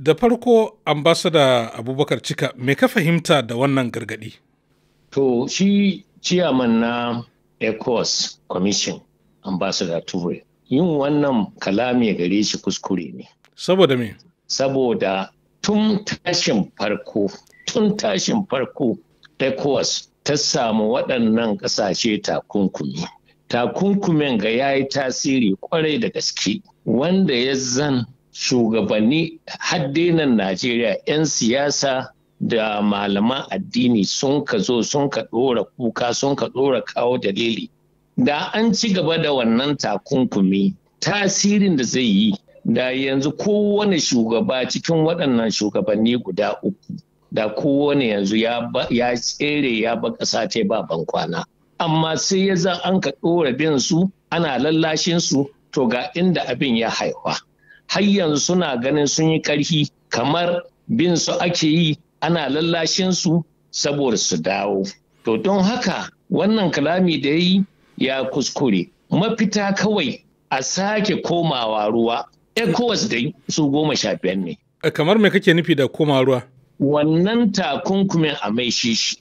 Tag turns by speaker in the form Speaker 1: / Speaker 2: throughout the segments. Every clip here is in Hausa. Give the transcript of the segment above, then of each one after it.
Speaker 1: da farko ambasada abubakar cika me ka fahimta da wannan gargadi to shi ciyaman na ecos commission ambasada ture yin wannan kalami gare shi kuskure ne saboda me saboda tun tashin farko tun tashin farko ecos ta samu waɗannan ƙasashe takunkumi takunkumin ga ya yi tasiri kwarai da gaske wanda ya zan shugabanni haddinan Najeriya 'yan siyasa da malaman addini sun ka zo sun ka ɗora kuka sun ka ɗora kawo dalili. Da an ci gaba da wannan takunkumi tasirin da zai yi da yanzu kowane shugaba cikin waɗannan shugabanni guda uku da kowane yanzu ya tsere ya ba ƙasa ta ba bankwana. Amma sai ya za an ka ɗora bin su ana lallashin su to ga inda abin ya haihuwa. har suna ganin sun yi ƙarfi kamar bin su ake yi ana lallashin su saboda su dawo to don haka wannan kalami da yi ya kuskure mafita kawai a sake komawa ruwa ecowas dai su goma sha biyar ne eh, kamar me kake nufi da komawa ruwa wannan takunkumin a mai shishi.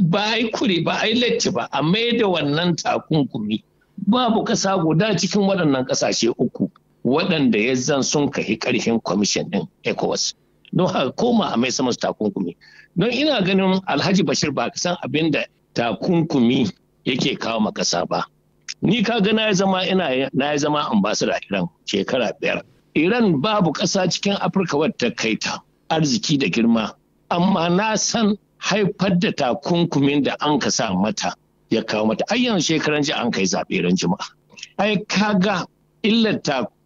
Speaker 1: ba a yi kure ba a yi latti ba a mai da wannan takunkumi babu ƙasa guda cikin waɗannan ƙasashe uku waɗanda ya zan sun kahi ƙarfin kwamishin ɗin ECOWAS. Don haka koma a mai sama takunkumi. Don ina ganin Alhaji Bashir ba san abin da takunkumi yake kawo ma ƙasa ba. Ni ka ga na zama ina na zama ambasada Iran shekara biyar. Iran babu ƙasa cikin Afirka wadda kai ta arziki da girma. Amma na san haifar da takunkumin da an ka sa mata ya kawo mata ayyan shekaran ji an kai zaɓe ran jima'a. Ai ka ga illar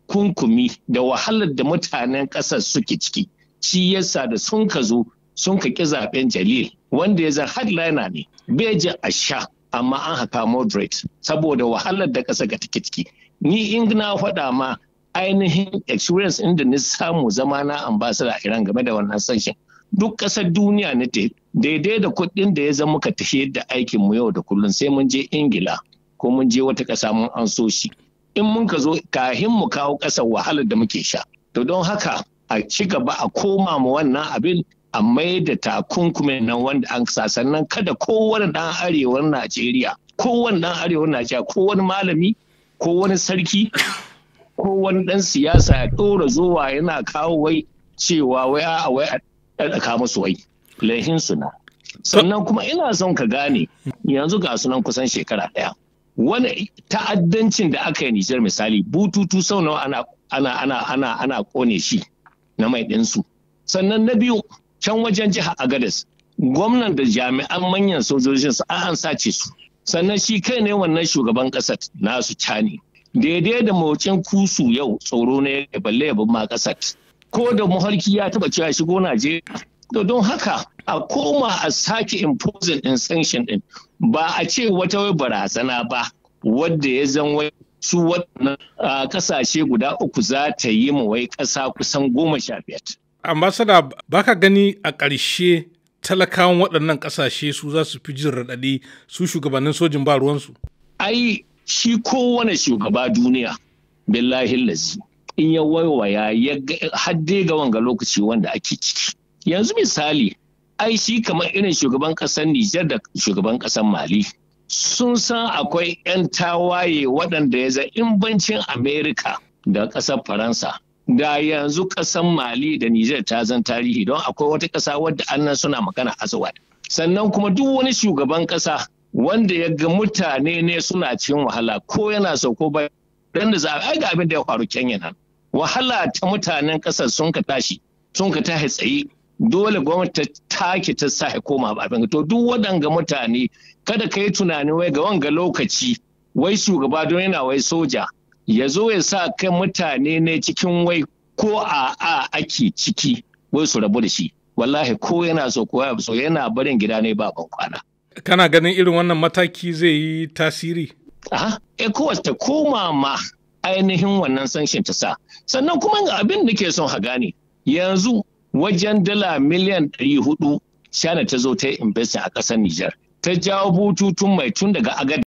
Speaker 1: kunkumi da wahalar da mutanen ƙasar suke ciki shi yasa da sun ka zo sun ka ƙi zaben jalil wanda ya zan headliner ne bai ji a sha amma an haka moderate saboda wahalar da ƙasa ga take ciki ni in na faɗa ma ainihin experience in da ni samu zama na ambassador a Iran game da wannan sashen duk ƙasar duniya na ta daidai da kuɗin da ya zama muka tafiyar da aikinmu yau da kullum sai mun je Ingila ko mun je wata ƙasa mun an so shi in mun ka zo kahin mu kawo ƙasar wahalar da muke sha to don haka a ci gaba a koma mu wannan abin a mai da takunkumin nan wanda an kasa. sannan kada kowane ɗan arewar najeriya kowane ɗan arewar najeriya kowane malami kowane sarki kowane ɗan siyasa ya ɗora zuwa yana kawo wai cewa wai a wai a ɗaka musu wai laihin suna sannan kuma ina son ka gane yanzu ga sunan kusan shekara ɗaya wani ta'addancin da aka yi Nijar misali bututu sau nawa ana ana ana ana ana kone shi na mai ɗinsu sannan na biyu can wajen jiha a Gadas? gwamnan da jami'an manyan sojojin su an sace su sannan shi kai ne wannan shugaban ƙasar nasu cani daidai da mawucin kusu yau tsoro ne balle ya ma ƙasar ko da muhalki ya taba cewa shigo Najeriya don haka a koma a sake imposing din sanction din ba a ce wata wai barazana ba wadda ya zan wai su waɗannan kasashe guda uku za ta yi ma wai ƙasa kusan goma sha biyar. ambasada ba ka gani a ƙarshe talakawan waɗannan ƙasashe su za su fi jin raɗaɗi su shugabannin sojin ba ruwansu. ai shi kowane shugaba duniya billahi lazi in ya waiwaya ya hadde ga lokaci wanda ake ciki yanzu misali ai shi kamar irin shugaban kasar Nijar da shugaban ƙasar Mali sun san akwai 'yan tawaye waɗanda ya zai in bancin Amerika da ƙasar Faransa da yanzu ƙasar Mali da Nijar ta zan tarihi don akwai wata ƙasa wadda annan suna magana azawad sannan kuma duk wani shugaban ƙasa wanda ya ga mutane ne suna cikin wahala ko yana so ko ba dan da za a ga abin da ya faru Kenya nan wahala ta mutanen ƙasar sun ka tashi sun ka tsaye dole gwamnati ta take ta sa ya koma abin to duk waɗanga mutane kada ka yi tunanin wai ga wanga lokaci wai shugaba don yana wai soja ya zo ya sa kai mutane ne cikin wai ko a a ake ciki wai su rabu da shi wallahi ko yana so ko ya so yana barin gida ne ba ban kwana kana ganin irin wannan mataki zai yi tasiri a e eh, ta koma ma ainihin wannan sanshin ta sa sannan kuma abin da ke son ha gane yanzu wajen dala miliyan 400 China ta zo ta yi a ƙasar Nijar. Ta jawo bututun mai tun daga agadi